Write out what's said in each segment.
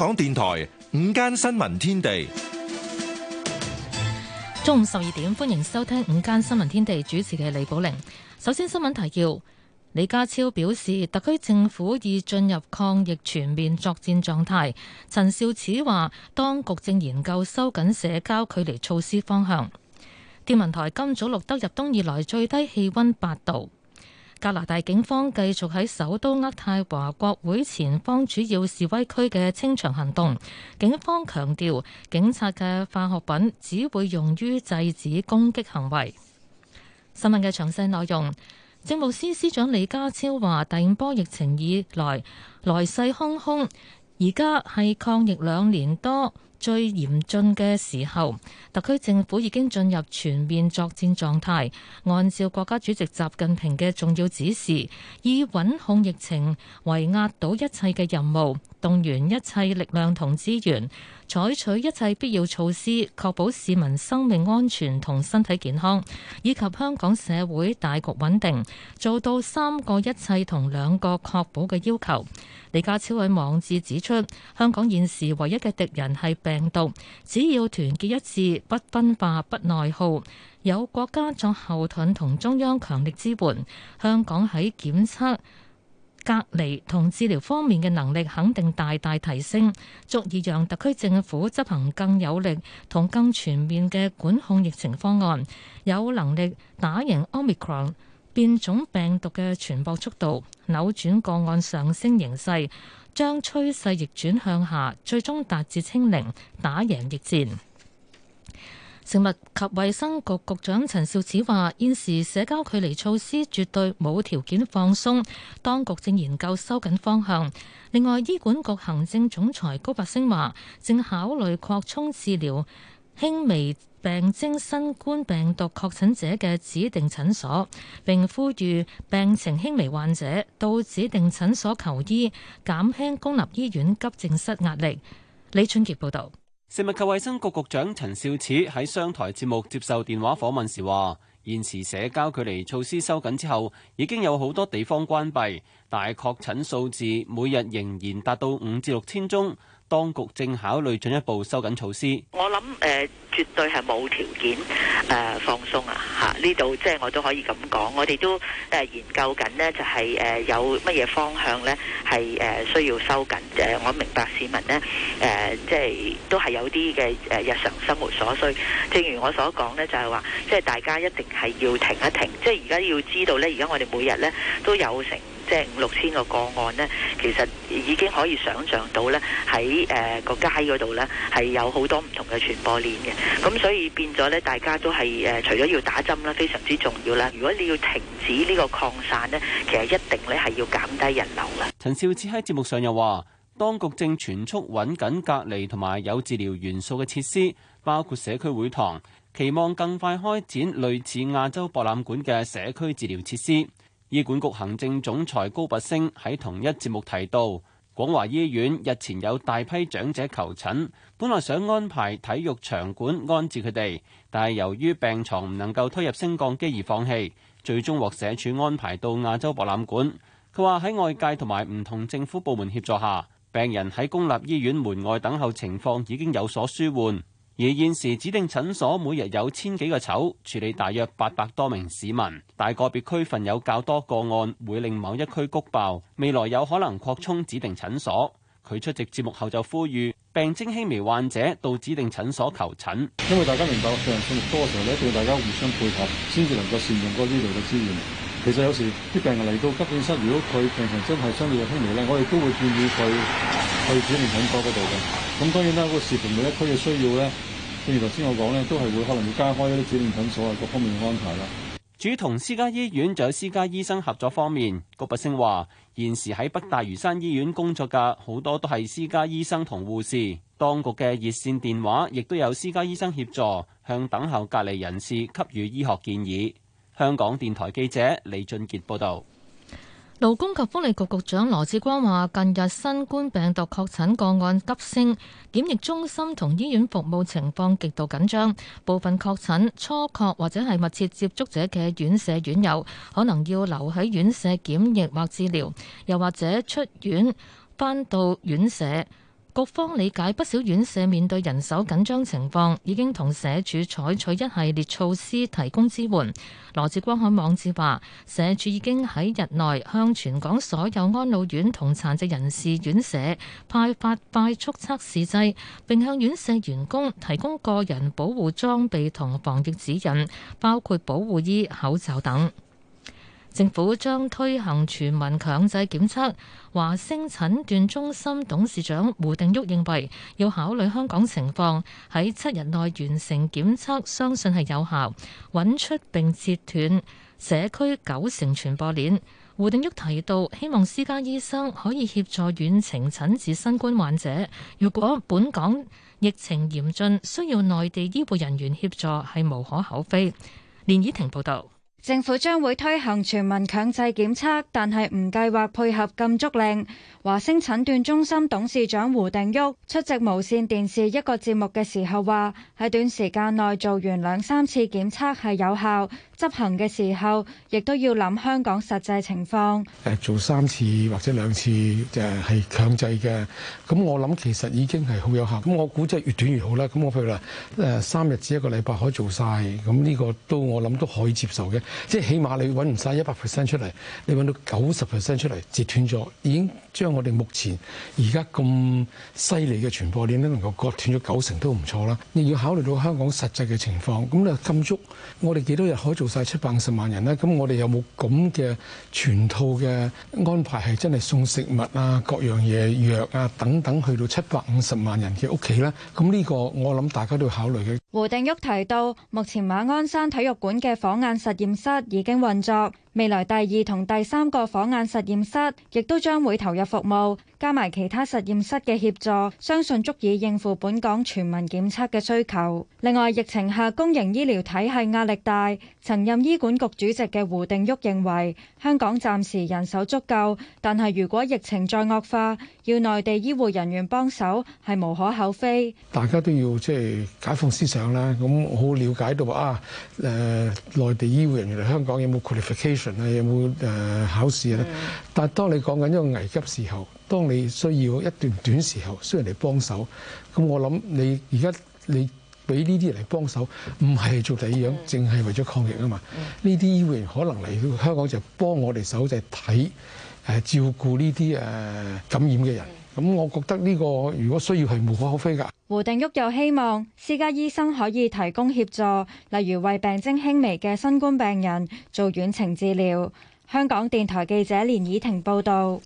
香港電台午間新聞天地，中午十二點歡迎收聽午間新聞天地主持，嘅李寶玲。首先新聞提要：李家超表示，特區政府已進入抗疫全面作戰狀態。陳肇始話，當局正研究收緊社交距離措施方向。天文台今早錄得入冬以來最低氣溫八度。加拿大警方繼續喺首都渥太華國會前方主要示威區嘅清場行動，警方強調警察嘅化學品只會用於制止攻擊行為。新聞嘅詳細內容，政務司司長李家超話：第五波疫情以來，來勢洶洶。而家係抗疫兩年多最嚴峻嘅時候，特區政府已經進入全面作戰狀態，按照國家主席習近平嘅重要指示，以穩控疫情為壓倒一切嘅任務，動員一切力量同資源。採取一切必要措施，確保市民生命安全同身體健康，以及香港社會大局穩定，做到三個一切同兩個確保嘅要求。李家超喺網誌指出，香港現時唯一嘅敵人係病毒，只要團結一致，不分化、不內耗，有國家作後盾同中央強力支援，香港喺檢測、隔離同治療方面嘅能力肯定大大提升，足以讓特區政府執行更有力同更全面嘅管控疫情方案，有能力打贏 omicron，變種病毒嘅傳播速度，扭轉個案上升形勢，將趨勢逆轉向下，最終達至清零，打贏疫戰。食物及衛生局局長陳肇始話：現時社交距離措施絕對冇條件放鬆，當局正研究收緊方向。另外，醫管局行政總裁高拔陞話，正考慮擴充治療輕微病徵新冠病毒確診者嘅指定診所，並呼籲病情輕微患者到指定診所求醫，減輕公立醫院急症室壓力。李春傑報導。食物及衛生局局長陳肇始喺商台節目接受電話訪問時話：現時社交距離措施收緊之後，已經有好多地方關閉，但係確診數字每日仍然達到五至六千宗。當局正考慮進一步收緊措施。我諗誒、呃，絕對係冇條件誒、呃、放鬆啊！嚇，呢度即係我都可以咁講。我哋都誒、呃、研究緊呢，就係、是、誒有乜嘢方向呢？係誒、呃、需要收緊嘅。我明白市民呢，誒、呃，即、就、係、是、都係有啲嘅誒日常生活所需。正如我所講呢，就係話即係大家一定係要停一停。即係而家要知道呢，而家我哋每日呢都有成。即係五六千個個案呢，其實已經可以想像到呢喺誒個街嗰度呢，係有好多唔同嘅傳播鏈嘅。咁所以變咗呢，大家都係誒，除咗要打針啦，非常之重要啦。如果你要停止呢個擴散呢，其實一定咧係要減低人流啦。陳肇始喺節目上又話，當局正全速揾緊隔離同埋有治療元素嘅設施，包括社區會堂，期望更快開展類似亞洲博覽館嘅社區治療設施。醫管局行政總裁高拔升喺同一節目提到，廣華醫院日前有大批長者求診，本來想安排體育場館安置佢哋，但係由於病床唔能夠推入升降機而放棄，最終獲社署安排到亞洲博覽館。佢話喺外界同埋唔同政府部門協助下，病人喺公立醫院門外等候情況已經有所舒緩。而現時指定診所每日有千幾個籌，處理大約八百多名市民。大個別區份有較多個案，會令某一區谷爆。未來有可能擴充指定診所。佢出席節目後就呼籲，病徵輕微患者到指定診所求診。希望大家明白，病人數目多嘅時候咧，一定要大家互相配合，先至能夠善用嗰呢度嘅資源。其實有時啲病人嚟到急症室，如果佢病情真係相對輕微咧，我哋都會建議佢去指定診所嗰度嘅。咁當然啦，個視乎每一區嘅需要咧。正如頭先我講咧，都係會可能會加開一啲指定診所啊，各方面嘅安排啦。主同私家醫院仲有私家醫生合作方面，郭伯星話：現時喺北大嶼山醫院工作嘅好多都係私家醫生同護士，當局嘅熱線電話亦都有私家醫生協助向等候隔離人士給予醫學建議。香港電台記者李俊傑報道。勞工及福利局局長羅志光話，近日新冠病毒確診個案急升，檢疫中心同醫院服務情況極度緊張，部分確診初確或者係密切接觸者嘅院舍院友，可能要留喺院舍檢疫或治療，又或者出院返到院舍。各方理解，不少院舍面對人手緊張情況，已經同社署採取一系列措施，提供支援。羅致光喺網誌話，社署已經喺日內向全港所有安老院同殘疾人士院舍派發快速測試劑，並向院舍員工提供個人保護裝備同防疫指引，包括保護衣、口罩等。政府將推行全民強制檢測。華星診斷中心董事長胡定旭認為，要考慮香港情況，喺七日內完成檢測，相信係有效，揾出並截斷社區九成傳播鏈。胡定旭提到，希望私家醫生可以協助遠程診治新冠患者。如果本港疫情嚴峻，需要內地醫護人員協助，係無可厚非。連怡婷報道。政府將會推行全民強制檢測，但係唔計劃配合禁足令。華星診斷中心董事長胡定旭出席無線電視一個節目嘅時候話：喺短時間內做完兩三次檢測係有效，執行嘅時候亦都要諗香港實際情況。誒，做三次或者兩次誒係強制嘅，咁我諗其實已經係好有效。咁我估即係越短越好啦。咁我譬如話，誒三日至一個禮拜可以做晒。咁呢個都我諗都可以接受嘅。即係起碼你揾唔晒一百 percent 出嚟，你揾到九十 percent 出嚟，截斷咗，已經將我哋目前而家咁犀利嘅傳播鏈都能夠割斷咗九成都唔錯啦。你要考慮到香港實際嘅情況，咁你禁足，我哋幾多日可以做晒七百五十萬人咧？咁我哋有冇咁嘅全套嘅安排係真係送食物啊、各樣嘢、藥啊等等去到七百五十萬人嘅屋企咧？咁呢個我諗大家都要考慮嘅。胡定旭提到，目前馬鞍山體育館嘅火眼實驗室已經運作。未來第二同第三個火眼實驗室亦都將會投入服務，加埋其他實驗室嘅協助，相信足以應付本港全民檢測嘅需求。另外，疫情下公營醫療體系壓力大，曾任醫管局主席嘅胡定旭認為，香港暫時人手足夠，但係如果疫情再惡化，要內地醫護人員幫手係無可厚非。大家都要即係、就是、解放思想啦，咁好了解到啊，誒、呃、內地醫護人員嚟香港有冇 qualification？有冇誒考試咧？Mm hmm. 但係當你講緊一個危急時候，當你需要一段短時候需要嚟幫手，咁我諗你而家你俾呢啲人嚟幫手，唔係做第二樣，淨係、mm hmm. 為咗抗疫啊嘛？呢啲醫護員可能嚟到香港就幫我哋手，就係睇誒照顧呢啲誒感染嘅人。Mm hmm. 咁我覺得呢個如果需要係無可厚非噶。胡定旭又希望私家醫生可以提供協助，例如為病徵輕微嘅新冠病人做遠程治療。香港電台記者連倚婷報道。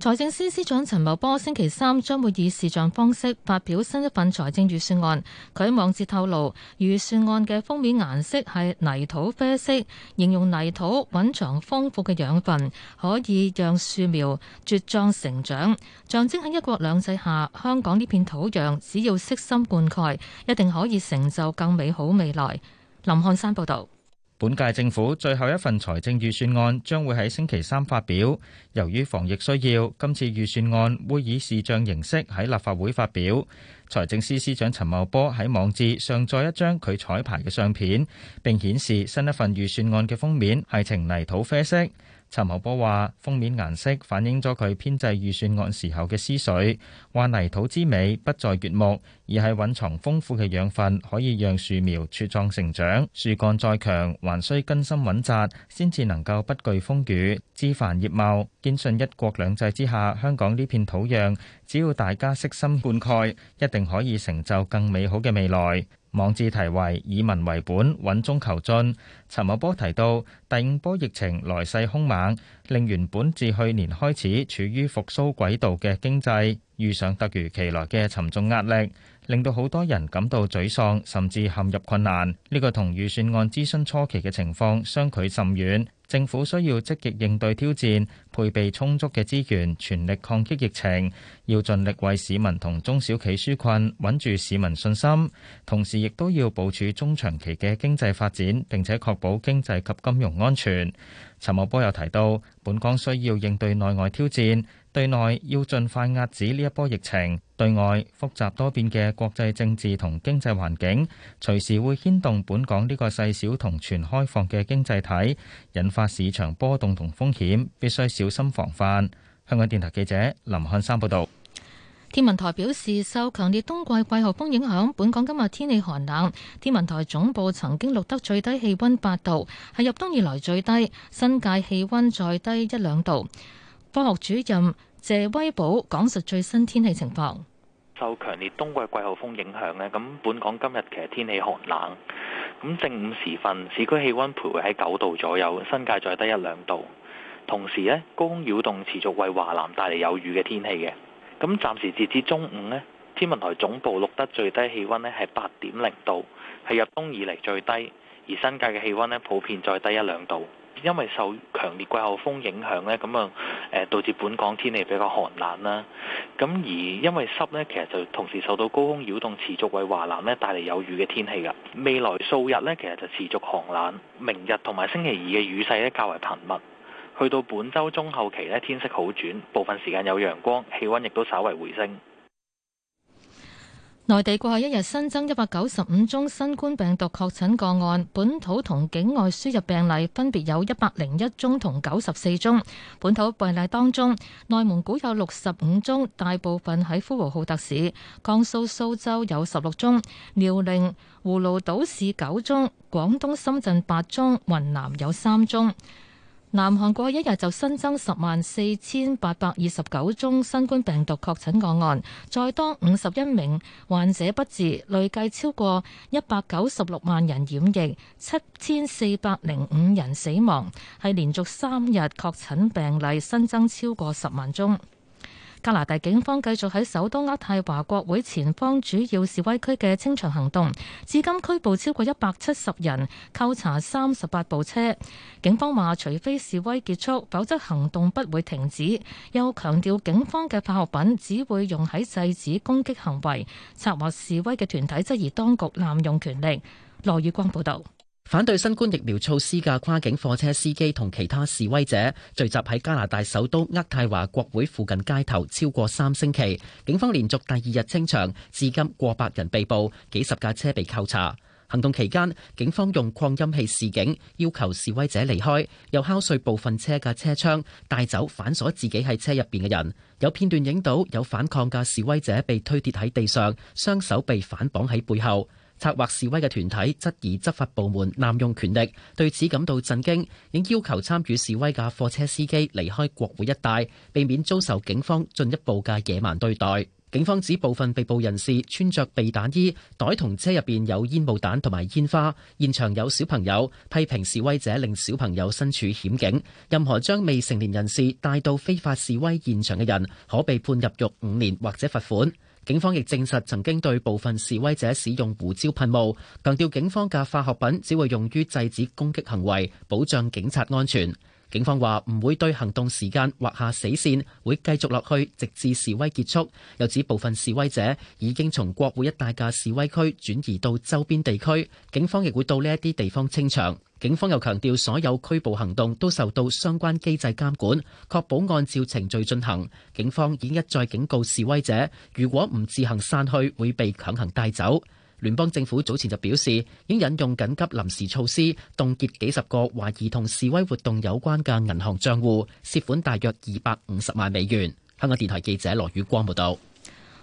財政司司長陳茂波星期三將會以視像方式發表新一份財政預算案。佢喺網誌透露，預算案嘅封面顏色係泥土啡色，形容泥土蘊藏豐富嘅養分，可以讓樹苗茁壯成長，象徵喺一國兩制下，香港呢片土壤只要悉心灌溉，一定可以成就更美好未來。林漢山報道。本屆政府最後一份財政預算案將會喺星期三發表。由於防疫需要，今次預算案會以視像形式喺立法會發表。財政司司長陳茂波喺網誌上載一張佢彩排嘅相片，並顯示新一份預算案嘅封面係呈泥土啡色。陳茂波話：封面顏色反映咗佢編製預算案時候嘅思緒，話泥土之美不在悅目，而係蘊藏豐富嘅養分，可以讓樹苗茁壯成長。樹幹再強，還需根深穩扎，先至能夠不懼風雨，枝繁葉茂。堅信一國兩制之下，香港呢片土壤，只要大家悉心灌溉，一定可以成就更美好嘅未來。網誌題為以民為本穩中求進。陳茂波提到第五波疫情來勢凶猛令原本自去年開始處於復甦軌道嘅經濟遇上突如其來嘅沉重壓力，令到好多人感到沮喪，甚至陷入困難。呢、這個同預算案諮詢初期嘅情況相距甚遠。政府需要積極應對挑戰，配備充足嘅資源，全力抗擊疫情。要盡力為市民同中小企紓困，穩住市民信心。同時，亦都要部署中長期嘅經濟發展，並且確保經濟及金融安全。陳茂波又提到，本港需要應對內外挑戰。對內要盡快壓止呢一波疫情；對外複雜多變嘅國際政治同經濟環境，隨時會牽動本港呢個細小同全開放嘅經濟體，引化市場波動同風險，必須小心防範。香港電台記者林漢山報道。天文台表示，受強烈冬季季候風影響，本港今日天氣寒冷。天文台總部曾經錄得最低氣温八度，係入冬以來最低，新界氣温再低一兩度。科學主任謝威寶講述最新天氣情況。受強烈冬季季候風影響呢，咁本港今日其實天氣寒冷。咁正午時分，市區氣温徘徊喺九度左右，新界再低一兩度。同時呢，高空擾動持續為華南帶嚟有雨嘅天氣嘅。咁暫時截至中午呢，天文台總部錄得最低氣温呢係八點零度，係入冬以嚟最低，而新界嘅氣温呢普遍再低一兩度。因為受強烈季候風影響咧，咁啊誒導致本港天氣比較寒冷啦。咁而因為濕咧，其實就同時受到高空擾動持續為華南咧帶嚟有雨嘅天氣噶。未來數日咧，其實就持續寒冷。明日同埋星期二嘅雨勢咧較為頻密。去到本週中後期咧，天色好轉，部分時間有陽光，氣温亦都稍為回升。內地過去一日新增一百九十五宗新冠病毒確診個案，本土同境外輸入病例分別有一百零一宗同九十四宗。本土病例當中，內蒙古有六十五宗，大部分喺呼和浩特市；江蘇蘇州有十六宗，遼寧葫蘆島市九宗，廣東深圳八宗，雲南有三宗。南韓過一日就新增十萬四千八百二十九宗新冠病毒確診個案，再多五十一名患者不治，累計超過一百九十六萬人染疫，七千四百零五人死亡，係連續三日確診病例新增超過十萬宗。加拿大警方繼續喺首都渥太華國會前方主要示威區嘅清場行動，至今拘捕超過一百七十人，扣查三十八部車。警方話，除非示威結束，否則行動不會停止。又強調警方嘅化學品只會用喺制止攻擊行為。策劃示威嘅團體質疑當局濫用權力。羅宇光報道。反對新冠疫苗措施嘅跨境貨車司機同其他示威者聚集喺加拿大首都渥太華國會附近街頭超過三星期，警方連續第二日清場，至今過百人被捕，幾十架車被扣查。行動期間，警方用擴音器示警，要求示威者離開，又敲碎部分車架車窗，帶走反鎖自己喺車入邊嘅人。有片段影到有反抗嘅示威者被推跌喺地上，雙手被反綁喺背後。策劃示威嘅團體質疑執法部門濫用權力，對此感到震驚，應要求參與示威嘅貨車司機離開國會一帶，避免遭受警方進一步嘅野蠻對待。警方指部分被捕人士穿着避彈衣，袋同車入邊有煙霧彈同埋煙花。現場有小朋友批評示威者令小朋友身處險境。任何將未成年人士帶到非法示威現場嘅人，可被判入獄五年或者罰款。警方亦證實曾經對部分示威者使用胡椒噴霧，強調警方嘅化學品只會用於制止攻擊行為，保障警察安全。警方話唔會對行動時間劃下死線，會繼續落去直至示威結束。又指部分示威者已經從國會一帶嘅示威區轉移到周邊地區，警方亦會到呢一啲地方清場。警方又強調，所有拘捕行動都受到相關機制監管，確保按照程序進行。警方已一再警告示威者，如果唔自行散去，會被強行帶走。聯邦政府早前就表示，已經引用緊急臨時措施，凍結幾十個懷疑同示威活動有關嘅銀行帳戶，涉款大約二百五十萬美元。香港電台記者羅宇光報道。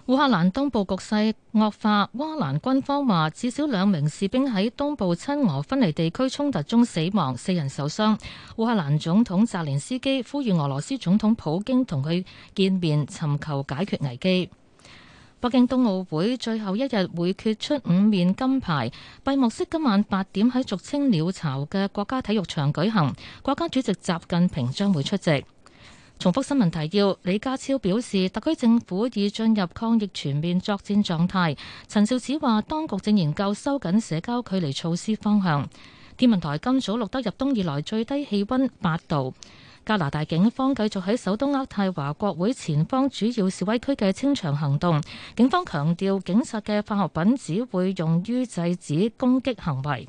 烏克蘭東部局勢惡化，烏克蘭軍方話至少兩名士兵喺東部親俄分離地區衝突中死亡，四人受傷。烏克蘭總統澤連斯基呼籲俄羅斯總統普京同佢見面，尋求解決危機。北京冬奧會最後一日會決出五面金牌，閉幕式今晚八點喺俗稱鳥巢嘅國家體育場舉行，國家主席習近平將會出席。重複新聞提要：李家超表示特區政府已進入抗疫全面作戰狀態。陳肇始話，當局正研究收緊社交距離措施方向。天文台今早錄得入冬以來最低氣溫八度。加拿大警方繼續喺首都渥太華國會前方主要示威區嘅清場行動。警方強調，警察嘅化學品只會用於制止攻擊行為。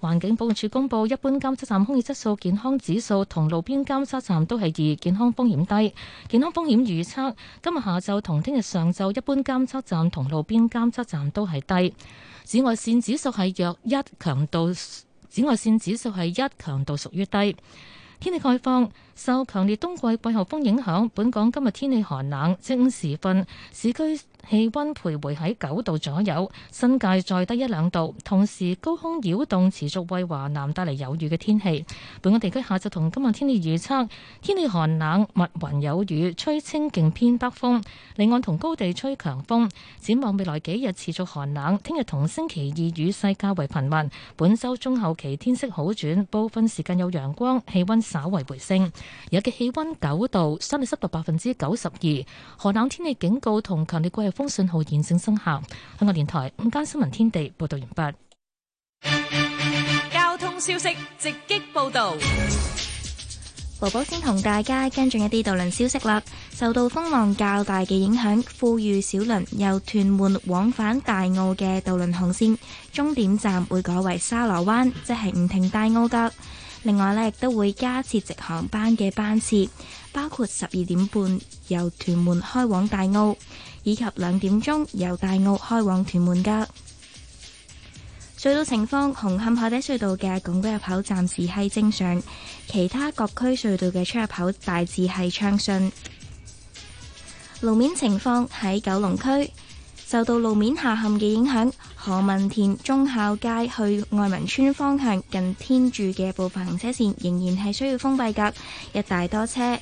環境保護署公布，一般監測站空氣質素健康指數同路邊監測站都係二，健康風險低。健康風險預測今日下晝同聽日上晝，一般監測站同路邊監測站都係低。紫外線指數係約一，強度紫外線指數係一，強度屬於低。天氣概況：受強烈冬季季候風影響，本港今日天氣寒冷，正午時分市區，氣溫徘徊喺九度左右，新界再低一兩度。同時高空擾動持續為華南帶嚟有雨嘅天氣。本港地區下晝同今晚天氣預測：天氣寒冷，密雲有雨，吹清勁偏北風，離岸同高地吹強風。展望未來幾日持續寒冷，聽日同星期二雨勢較為頻密。本周中後期天色好轉，部分時間有陽光，氣溫稍為回升。而家嘅氣溫九度，相對濕度百分之九十二，寒冷天氣警告同強烈風信號現正生效。香港電台午間新聞天地報道完畢。交通消息直擊報道。寶寶先同大家跟進一啲渡輪消息啦。受到風浪較大嘅影響，富裕小輪由屯門往返大澳嘅渡輪航線終點站會改為沙螺灣，即係唔停大澳噶。另外呢，亦都會加設直航班嘅班次，包括十二點半由屯門開往大澳，以及兩點鐘由大澳開往屯門㗎。隧道情況，紅磡海底隧道嘅拱北入口暫時係正常，其他各區隧道嘅出入口大致係暢順。路面情況，喺九龍區，受到路面下陷嘅影響，何文田忠孝街去愛民村方向近天柱嘅部分行車線仍然係需要封閉噶，一大多車。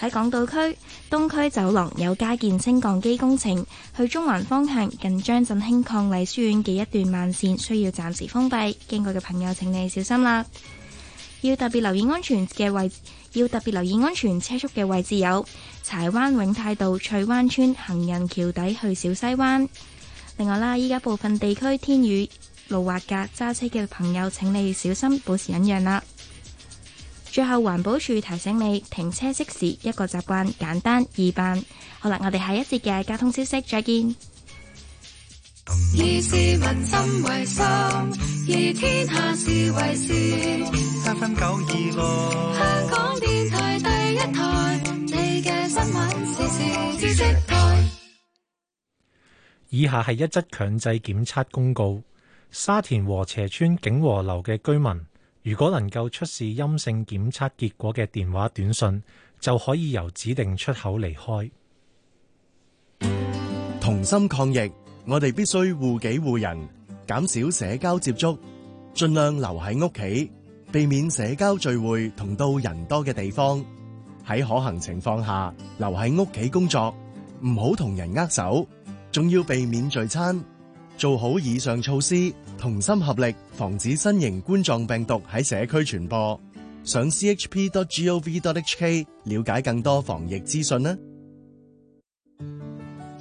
喺港島區東區走廊有加建升降機工程，去中環方向近張振興伉儷書院嘅一段慢線需要暫時封閉，經過嘅朋友請你小心啦，要特別留意安全嘅位置。要特別留意安全車速嘅位置，有柴灣永泰道翠灣村行人橋底去小西灣。另外啦，依家部分地區天雨路滑噶，揸車嘅朋友請你小心，保持忍讓啦。最後，環保署提醒你停車熄匙一個習慣，簡單易辦。好啦，我哋下一節嘅交通消息再見。以市民心為心，以天下事為事。香港電台第一台，你嘅新聞時事。以下係一則強制檢測公告：沙田和斜村景和樓嘅居民，如果能夠出示陰性檢測結果嘅電話短信，就可以由指定出口離開。同心抗疫。我哋必須護己護人，減少社交接觸，盡量留喺屋企，避免社交聚會同到人多嘅地方。喺可行情況下，留喺屋企工作，唔好同人握手，仲要避免聚餐。做好以上措施，同心合力，防止新型冠狀病毒喺社區傳播。上 chp.gov.hk 了解更多防疫資訊啦。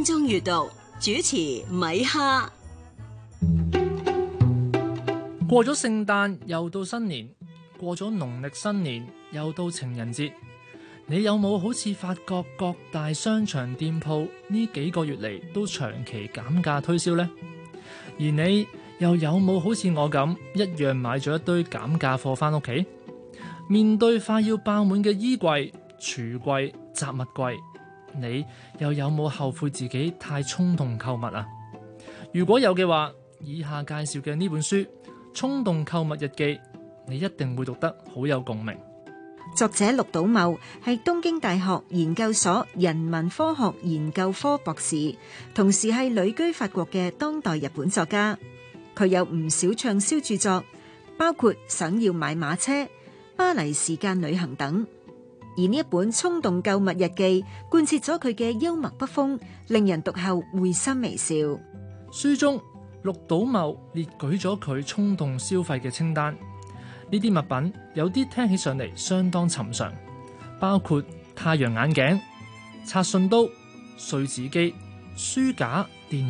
分鐘閱讀，主持米哈。過咗聖誕又到新年，過咗農曆新年又到情人節，你有冇好似發覺各大商場店鋪呢幾個月嚟，都長期減價推銷呢？而你又有冇好似我咁一樣買咗一堆減價貨翻屋企？面對快要爆滿嘅衣櫃、櫥櫃、雜物櫃，你又有冇後悔自己太衝動購物啊？如果有嘅話，以下介紹嘅呢本書《衝動購物日記》，你一定會讀得好有共鳴。作者鹿島茂係東京大學研究所人文科學研究科博士，同時係旅居法國嘅當代日本作家。佢有唔少暢銷著作，包括《想要買馬車》、《巴黎時間旅行》等。而呢一本衝動購物日記貫徹咗佢嘅幽默筆風，令人讀後會心微笑。書中陸島茂列舉咗佢衝動消費嘅清單，呢啲物品有啲聽起上嚟相當尋常，包括太陽眼鏡、拆信刀、碎紙機、書架、電。